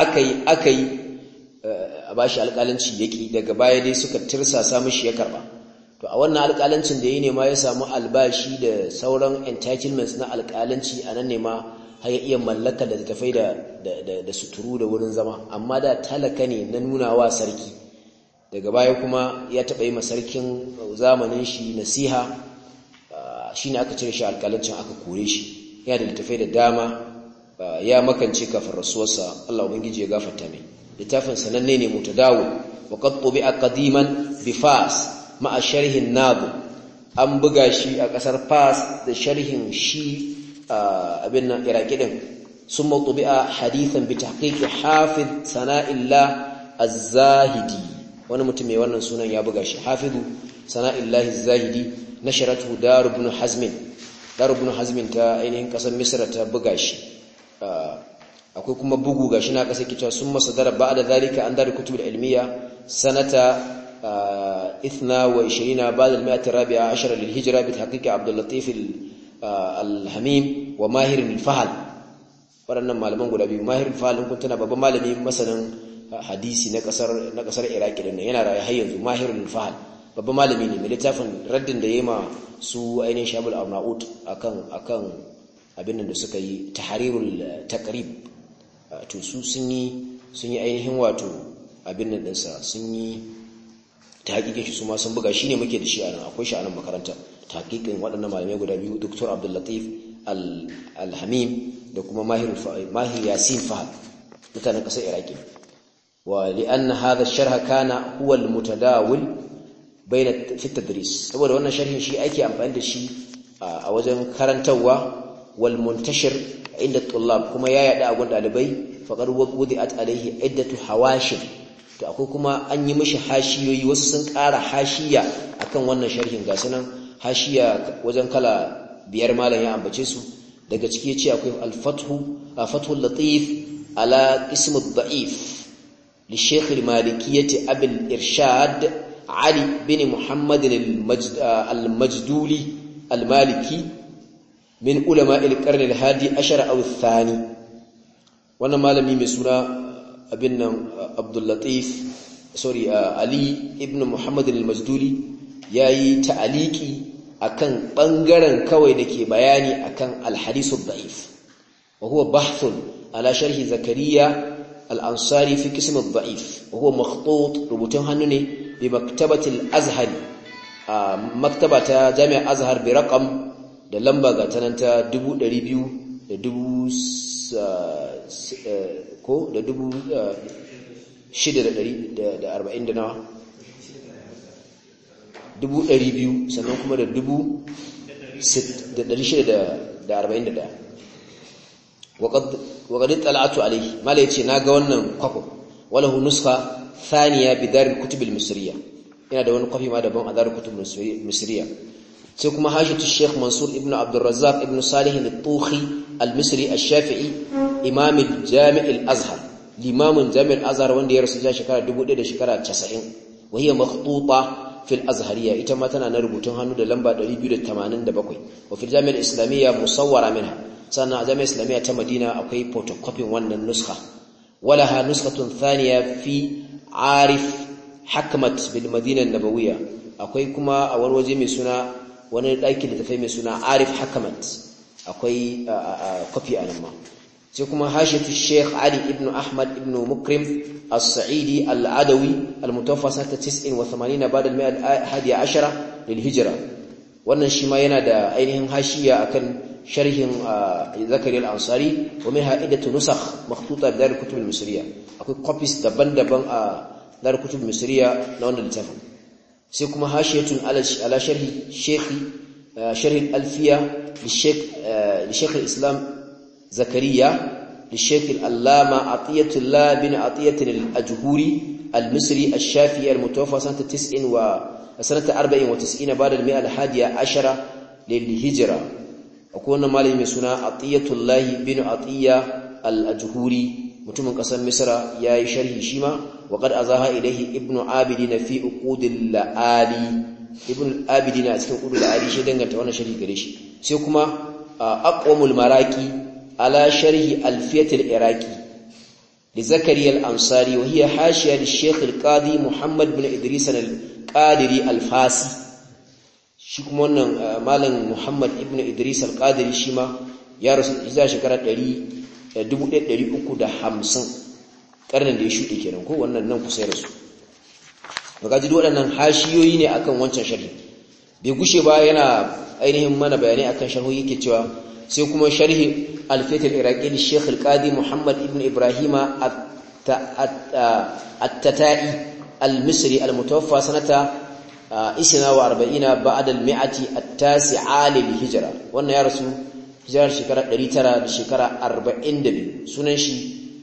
aka yi aka yi eh, a ba shi alƙalanci yaƙi daga baya dai suka samun shi ya karɓa to a wannan alƙalancin da ya nema ya samu albashi da sauran entitlements na alƙalanci a nan nema ma har ya iya mallaka da tafai da da suturu da wurin zama amma da talaka ne na nunawa sarki daga baya kuma ya taɓa yi masarkin zamanin shi nasiha shine aka cire shi alƙalancin aka kore shi ya da littafai da dama ya makance kafin rasuwarsa Allah ubangiji ya gafarta mai littafin sananne ne mutadawo wa qad tubi'a qadiman bi fas ma'a sharhin nabu an buga shi a ƙasar fas da sharhin shi abin nan iraki din sun matubi'a hadithan bi tahqiqi hafiz sana'illah az-zahidi wani mutum mai wannan sunan ya buga shi hafizu sana'illah az-zahidi nasharatu daru ibn hazmin daru ibn hazmin ta ainihin kasar misra ta buga shi akwai kuma bugu gashi na kasar kicewa sun masa dara ba da zalika an dari kutubul ilmiya sanata ithna wa ishirina ba da mi'ati rabi'a ashara lil hijra bi tahqiqi abdul latif wa mahirin fahal waɗannan malaman guda biyu mahirin fahal fahal kun tana babban malami masanin hadisi na kasar na kasar iraki yana rayu har yanzu mahirin fahal babban malami ne mai littafin raddin da ya yi ma su ainihin shabul arnaut akan akan abin da suka yi tahrirul taqrib to su sun yi sun yi ainihin wato abin da ɗansa sun yi tahqiqin shi su ma sun buga ne muke da shi a nan akwai shi a nan makaranta tahqiqin waɗannan malamai guda biyu Dr. Abdul Latif alhamim da kuma Mahir Mahir Yasin Fahad mutanen ƙasar Iraki wa li'anna hadha sharha kana huwa al-mutadawil baina fi tadris saboda wannan sharhin shi ake amfani da shi a wajen karantawa wal muntashir inda tullab kuma ya yada a gun dalibai faqad wudi'at alaihi iddatu hawashin to akwai kuma an yi mishi hashiyoyi wasu sun ƙara hashiya akan wannan sharhin ga sanan hashiya wajen kala biyar malam ya ambace su daga ciki yace akwai al-fathu fathu latif ala ism ad-da'if li shaykh al-malikiyyah abul irshad ali bin muhammad uh, al-majduli al-maliki min ulama al al-hadi ashar aw thani wannan malami mai suna uh, abin nan uh, Abdullatif sorry ali ibn muhammad al-majduli yi ta'aliki akan ɓangaren kawai da ke bayani akan al-hadith ad-da'if wa ala bahthun Zakariya شرح زكريا الأنصاري في قسم الضعيف وهو مخطوط hannu ne. bi maktabatil a maktaba ta jami'ar azhar bi raƙam da lamba ga tananta 200 da dubu eh, ko da dubu eh, da ɗari da nawa dubu sannan kuma da dubu ɗari da arba'in da alaihi mala ya ce na ga wannan kwakwa wala hunuska thaniya bi darul kutub al-misriya da wani kwafi ma daban a darul kutub al-misriya sai kuma hashatu sheikh mansur ibn abdurrazzaq ibn salih al-tuhi al-misri al-shafi'i imam al-jami' al-azhar limamin jami' al-azhar wanda ya rasu shekara 1000 da shekara 90 wahiya makhtuta fil azhariya ita ma tana na rubutun hannu da lamba 287 wa fil jami'ar islamiyya musawwara minha sannan a jami'ar islamiyya ta madina akwai photocopying wannan nuskha walaha nuskhatun thaniya fi arif hakmat bil madina nabawiya akwai kuma a wani waje mai suna wani ɗakin littafai mai suna arif hakamat akwai kwafi a nan ma sai kuma hashiyatu sheikh ali ibn ahmad ibn mukrim as-sa'idi al-adawi al-mutawaffa sanata 89 ba'da al-100 hadiya ashara lil hijra wannan shi ma yana da ainihin hashiya akan sharhin uh, zakari al-ansari wa min ha'idatu nusakh makhtuta da kutub al akwai copies daban-daban a dar kutub al-misriya na wannan sai kuma hashiyatun ala sharhi shekhi uh, uh, islam zakariya للشيخ الألامة عطية الله بن عطية الأجهوري المصري الشافعي المتوفى سنة تسع و سنة أربع بعد المئة الحادية akwai wannan malami mai suna atiyatullahi bin atiya al-ajhuri mutumin kasar misra yayi sharhi shi ma wa qad azaha ilayhi ibnu abidin fi uqudil laali ibnu abidin a cikin uqudil laali shi danganta wannan sharhi gare shi sai kuma aqwamul maraqi ala sharhi alfiyat al-iraqi li zakariya al-ansari wa hiya hashiya li shaykh al-qadi muhammad bin idris al-qadiri al-fasi shi kuma wannan ah, malam muhammad ibn idris al-qadiri shi ma ya rasu za shekara 1350 eh, karnin da ya shuɗe kenan ko wannan nan kusa ya rasu baka ji waɗannan hashiyoyi ne akan wancan sharhi bai gushe ba yana ainihin mana bayanai akan sharhi yake cewa sai kuma sharhi alfetar fath al-iraqi al-qadi muhammad ibn ibrahima ah, at-tatai al-misri al-mutawaffa sanata isina wa arba'ina ba'da al-mi'ati at-tasi'a lil hijra wannan ya rasu hijirar shekara 900 da shekara 42 sunan shi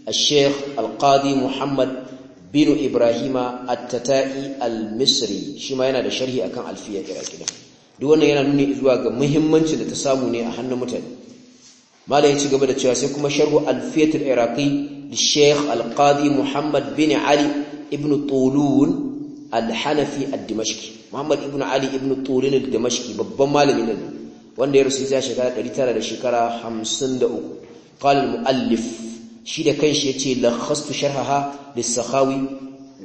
al-sheikh al-qadi muhammad bin ibrahima at-tatai al-misri shi ma yana da sharhi akan alfiya iraqi duk wannan yana nuni zuwa ga muhimmancin da ta samu ne a hannun mutane mala ya ci gaba da cewa sai kuma sharhu alfiyatul iraqi da sheikh al-qadi muhammad bin ali ibn tulun al-hanafi ad-dimashqi muhammad ibn ali ibn turin al-dimashqi babban malamin nan wanda ya rusu a shekara 900 da shekara 53 qala al-muallif shi da kanshi yace lakhastu sharhaha lis-sakhawi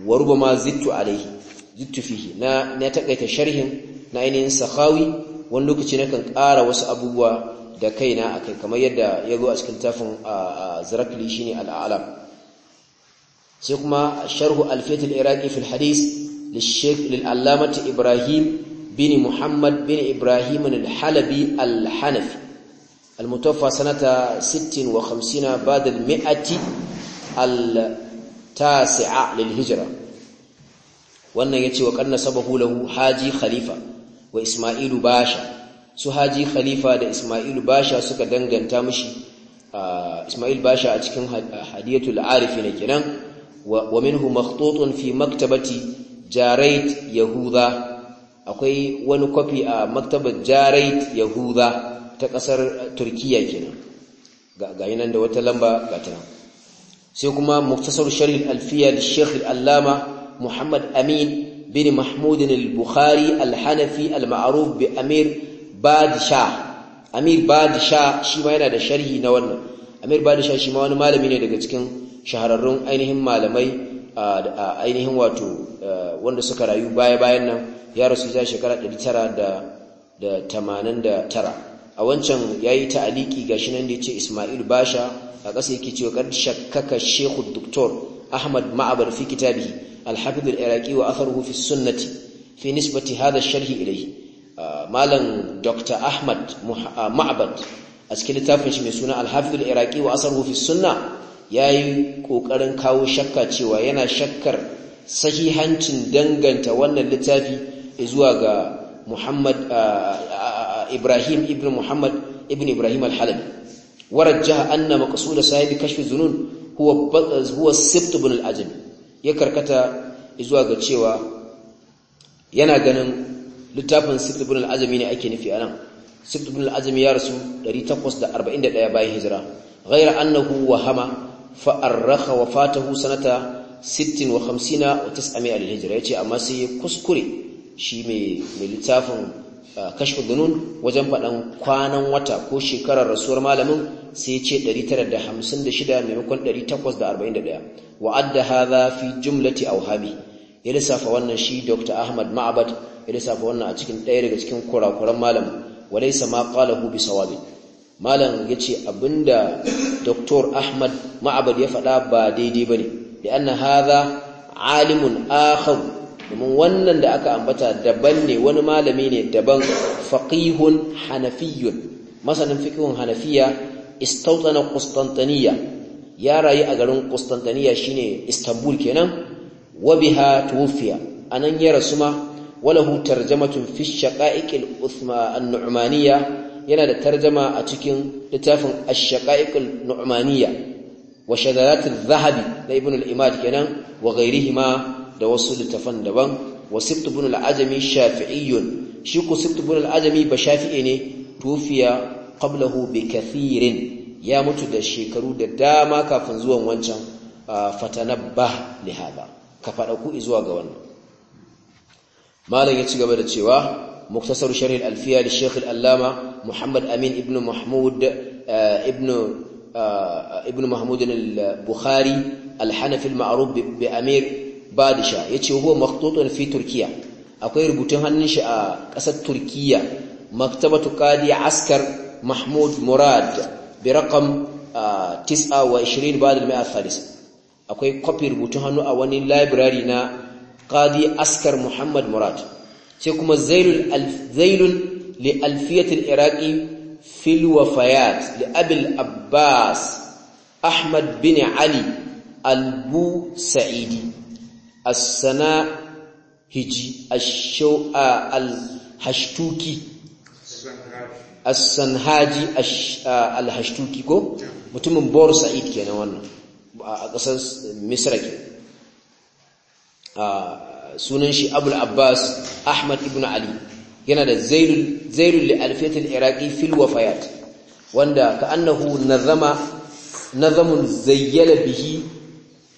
wa rubama zittu alayhi zittu fihi na na takaita sharhin na ainihin sakhawi wani lokaci kan ƙara wasu abubuwa da kaina akai kamar yadda ya zo a cikin tafin zirakli shine al'alam sai kuma sharhu alfiyat al-iraqi fi al-hadith للعلامة إبراهيم بن محمد بن إبراهيم الحلبي الحنفي المتوفى سنة ست وخمسين بعد المئة التاسعة للهجرة وأن يتي وقد نسبه له حاجي خليفة وإسماعيل باشا su haji khalifa da ismailu basha suka danganta mishi ismail basha a cikin hadiyatul arifin kenan wa minhu makhtutun fi maktabati jarait yahuda akwai wani kwafi a maktabar jarait yahuda ta kasar turkiya kenan ga nan da wata lamba ga sai kuma muktasar sharh alfiya da sheikh allama muhammad amin bin mahmudin al-bukhari al-hanafi al bi amir badisha amir badisha shi ma yana da sharhi na wannan amir badisha shi ma wani malami ne daga cikin shahararrun ainihin malamai ainihin wato wanda suka rayu baya-bayan nan ya rasu ya shekara 989 a wancan ya yi ta'aliki ga shi nan da ya ce ismail basha a ƙasa yake cewa ƙar shakkaka shekhu doktor ahmad ma'abar fi kitabi alhafidul iraki wa atharuhu fi sunnati fi nisbati hada sharhi ilai malam dr ahmad ma'abar a cikin littafin shi mai suna alhafidul iraki wa Asar fi sunna ya yi ƙoƙarin kawo shakka cewa yana shakkar sahihancin danganta wannan littafi zuwa ga ibrahim ibn muhammad ibn ibrahim al-halabi warajjaha anna da sahibi kashfi zunun huwa sifta ibn ya karkata zuwa ga cewa yana ganin littafin sifta ibn al ne ake nufi anan sifta ibn al-ajami ya rasu 841 bayan hijira ghayra annahu wahama fa'arraka wa fatahu sanata 56 wa 900 lilhijira ya yace amma sai ya kuskure shi mai littafin kashfu dunun wajen faɗan kwanan wata ko shekarar rasuwar malamin sai ya ce 956 maimakon 841 wa'adda hadha fi jumlati auhabi ya lissafa wannan shi dr ahmad ma'abad ya lissafa wannan a cikin ɗaya daga cikin kurakuran malamin walaysa ma qalahu bi sawabin malam ya ce abinda Dr. ahmad ma'abad ya faɗa ba daidai ba ne da an haza alimun akhar domin wannan da aka ambata daban ne wani malami ne daban faƙihun hanafiyun masanin fiqhun hanafiya istawtana qustantaniya ya rayu a garin shi shine istanbul kenan wa biha a anan ya rasu ma walahu tarjamatun fi shaqa'iq al-uthma an yana da tarjama a cikin littafin ash-shaqa'iqul nu'maniyya wa shadaratul zahabi da ibn al-imad kenan wa ghayrihima da wasu littafan daban wa sibt ibn al-ajami shafi'iyyun shi ku sibt ibn al-ajami ba shafi'i ne tufiya qablahu bi kathirin ya mutu da shekaru da dama kafin zuwan wancan fatanabbah lihada ka fada ku zuwa ga wannan malam ya ci gaba da cewa muktasar sharh al-alfiya li shaykh al-allama محمد أمين ابن محمود ابن ابن محمود البخاري الحنفي المعروف بأمير badisha ya ce huwa makhtutun fi turkiya akwai rubutun hannun shi a ƙasar turkiya maktabatu qadi askar mahmud murad bi raqam 29 uh, ba'd al-mi'a akwai copy rubutun hannu a wani library na qadi askar muhammad murad sai kuma zailul zailun لألفية العراقي في الوفيات لأبي العباس أحمد بن علي البو سعيدي السناء هجي الشوء الحشتوكي السنهاجي الحشتوكي كو mutumin Bor Sa'id kenan wannan a ƙasar Misra ke sunan shi Abul Abbas Ahmad ibn Ali yana da zailul li alfiyatul iraqi fil wafayat wanda ka annahu nazama nazamun zayyala bihi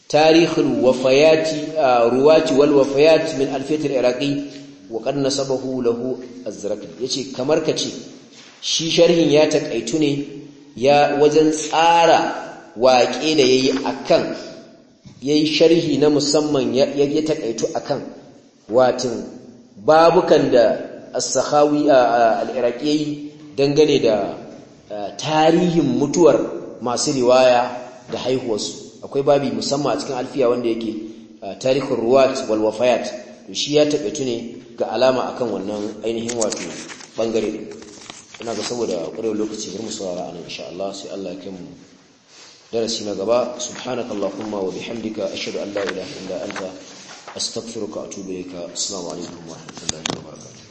tarikhul wafayati ruwati wal wafayat min alfetar iraqi wa qad nasabahu lahu azraqi yace kamar kace shi sharhin ya takaitu ne ya wajen tsara waƙe da yayi akan yayi sharhi na musamman ya takaitu akan watin babukan da as-sakhawi al-iraqiyyi dangane da tarihin mutuwar masu riwaya da haihuwarsu akwai babi musamman a cikin alfiya wanda yake tarihin ruwat wal wafayat to shi ya tabe ne ga alama akan wannan ainihin wato bangare ina ga saboda ƙwarewar lokaci bar mu saurara anan insha Allah sai Allah ya kai mu darasi na gaba subhanakallahumma wa bihamdika ashhadu an la ilaha illa anta astaghfiruka wa atubu ilayka assalamu alaikum wa rahmatullahi wa barakatuh